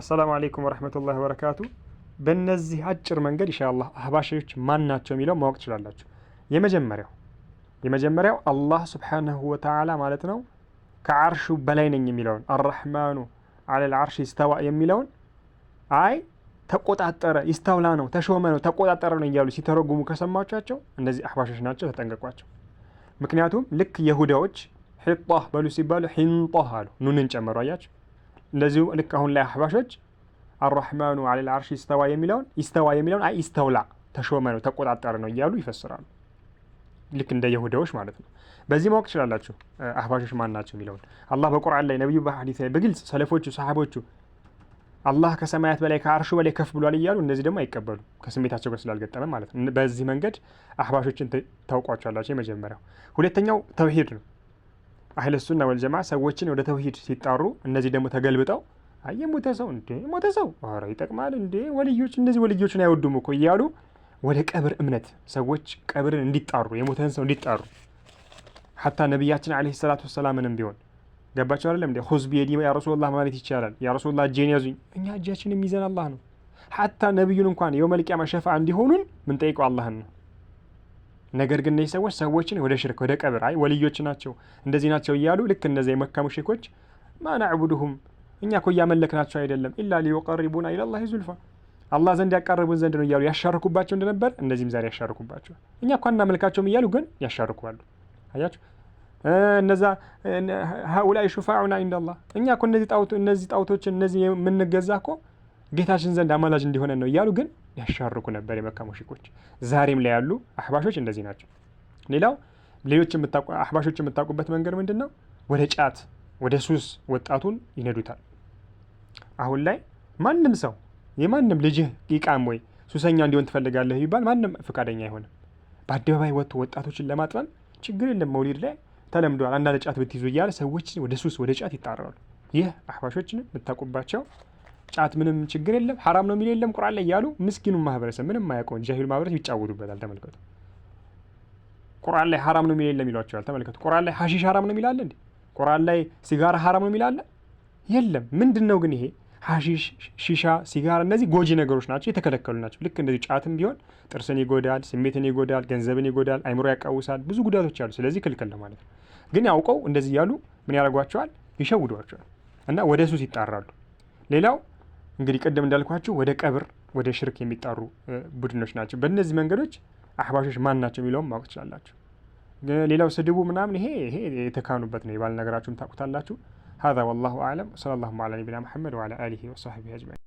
አሰላሙ አሌይኩም ወረህመቱላህ ወበረካቱ። በእነዚህ አጭር መንገድ ኢንሻአላህ አህባሾች ማን ናቸው የሚለው ማወቅ ትችላላችሁ። የመጀመሪያው የመጀመሪያው አላህ ስብሓናሁ ወተዓላ ማለት ነው ከአርሹ በላይ ነኝ የሚለውን አራህማኑ አለል አርሽ ይስተዋ የሚለውን አይ ተቆጣጠረ ይስተውላ ነው ተሾመ ነው ተቆጣጠረ ነው እያሉ ሲተረጉሙ ከሰማቻቸው እነዚህ አህባሾች ናቸው፣ ተጠንቀቋቸው። ምክንያቱም ልክ የሁዳዎች ሒጣህ በሉ ሲባሉ ሒንጣህ አሉ ኑንን ጨመሩ አያቸው። እንደዚሁ ልክ አሁን ላይ አህባሾች አራህማኑ አለል አርሽ ይስተዋ የሚለውን ይስተዋ የሚለውን አይ ይስተውላ ተሾመ ነው ተቆጣጠረ ነው እያሉ ይፈስራሉ። ልክ እንደ ይሁዳዎች ማለት ነው። በዚህ ማወቅ ትችላላችሁ አህባሾች ማን ናቸው የሚለውን አላህ በቁርአን ላይ ነቢዩ በሐዲስ ላይ በግልጽ ሰለፎቹ ሰሓቦቹ አላህ ከሰማያት በላይ ከአርሹ በላይ ከፍ ብሏል እያሉ እነዚህ ደግሞ አይቀበሉ ከስሜታቸው ጋር ስላልገጠመ ማለት ነው። በዚህ መንገድ አህባሾችን ታውቋቸዋላቸው። የመጀመሪያው ሁለተኛው ተውሂድ ነው። አህለሱና ወልጀማ ሰዎችን ወደ ተውሂድ ሲጣሩ እነዚህ ደግሞ ተገልብጠው አየ ሞተ ሰው እንዴ ሞተ ሰው ኧረ ይጠቅማል እንዴ ወልዮች እንደዚህ ወልዮችን አይወዱም እኮ እያሉ ወደ ቀብር እምነት ሰዎች ቀብርን እንዲጣሩ የሞተን ሰው እንዲጣሩ ሀታ ነቢያችን አለይሂ ሰላቱ ወሰላምንም ቢሆን ገባቸው አይደለም እንዴ ሁዝብ የዲ ያ ረሱላህ ማለት ይቻላል። ያ ረሱላህ እጄን ያዙኝ። እኛ እጃችን የሚይዘን አላህ ነው። ሀታ ነቢዩን እንኳን የውመል ቂያማ ሸፋ እንዲሆኑን ምንጠይቀው አላህን ነው። ነገር ግን እነዚህ ሰዎች ሰዎችን ወደ ሽርክ ወደ ቀብር አይ ወልዮች ናቸው እንደዚህ ናቸው እያሉ ልክ እነዚ የመካ ሼኮች ማናዕቡድሁም እኛ ኮ እያመለክናቸው አይደለም ኢላ ሊዩቀሪቡና ኢላላ ዙልፋ አላህ ዘንድ ያቃረቡን ዘንድ ነው እያሉ ያሻርኩባቸው እንደነበር እንደዚህም ዛሬ ያሻርኩባቸው። እኛ እኳ እናመልካቸውም እያሉ ግን ያሻርኩዋሉ። አያችሁ እነዛ ሀኡላይ ሹፋዑና ኢንደላህ እኛ እኮ እነዚህ ጣዖቶችን እነዚህ የምንገዛ እኮ ጌታችን ዘንድ አማላጅ እንዲሆነን ነው እያሉ ግን ያሻርኩ ነበር የመካ ሙሽኮች። ዛሬም ላይ ያሉ አህባሾች እንደዚህ ናቸው። ሌላው ሌሎች አህባሾች የምታውቁበት መንገድ ምንድን ነው? ወደ ጫት ወደ ሱስ ወጣቱን ይነዱታል። አሁን ላይ ማንም ሰው የማንም ልጅህ ቂቃም ወይ ሱሰኛ እንዲሆን ትፈልጋለህ ቢባል ማንም ፈቃደኛ አይሆንም። በአደባባይ ወጥቶ ወጣቶችን ለማጥመም ችግር የለም መውሊድ ላይ ተለምደዋል። አንዳንድ ጫት ብትይዙ እያለ ሰዎች ወደ ሱስ ወደ ጫት ይጣራሉ። ይህ አህባሾችን የምታውቁባቸው ጫት ምንም ችግር የለም ሀራም ነው የሚል የለም ቁርአን ላይ እያሉ ምስኪኑ ማህበረሰብ ምንም አያውቀውን ጃሂሉ ማህበረሰብ ይጫወቱበታል። ተመልከቱ። ቁርአን ላይ ሀራም ነው የሚል የለም ይሏቸዋል። ተመልከቱ። ቁርአን ላይ ሀሺሽ ሀራም ነው የሚላለ እንዴ? ቁርአን ላይ ሲጋራ ሀራም ነው የሚላለ የለም። ምንድን ነው ግን ይሄ ሀሺሽ፣ ሺሻ፣ ሲጋራ እነዚህ ጎጂ ነገሮች ናቸው፣ የተከለከሉ ናቸው። ልክ እንደዚህ ጫትም ቢሆን ጥርስን ይጎዳል፣ ስሜትን ይጎዳል፣ ገንዘብን ይጎዳል፣ አይምሮ ያቃውሳል፣ ብዙ ጉዳቶች አሉ። ስለዚህ ክልክል ነው ማለት ነው። ግን አውቀው እንደዚህ እያሉ ምን ያደርጓቸዋል? ይሸውዷቸዋል እና ወደ ሱስ ይጣራሉ። ሌላው እንግዲህ ቅድም እንዳልኳቸው ወደ ቀብር ወደ ሽርክ የሚጣሩ ቡድኖች ናቸው። በእነዚህ መንገዶች አህባሾች ማን ናቸው የሚለውም ማወቅ ትችላላችሁ። ሌላው ስድቡ ምናምን ይሄ ይሄ የተካኑበት ነው። የባል ነገራችሁም ታውቁታላችሁ። ሀዛ ወላሁ አለም። ሰለላሁ አላ ነቢና መሐመድ ወዐላ አሊሂ ወሰሕቢሂ አጅማ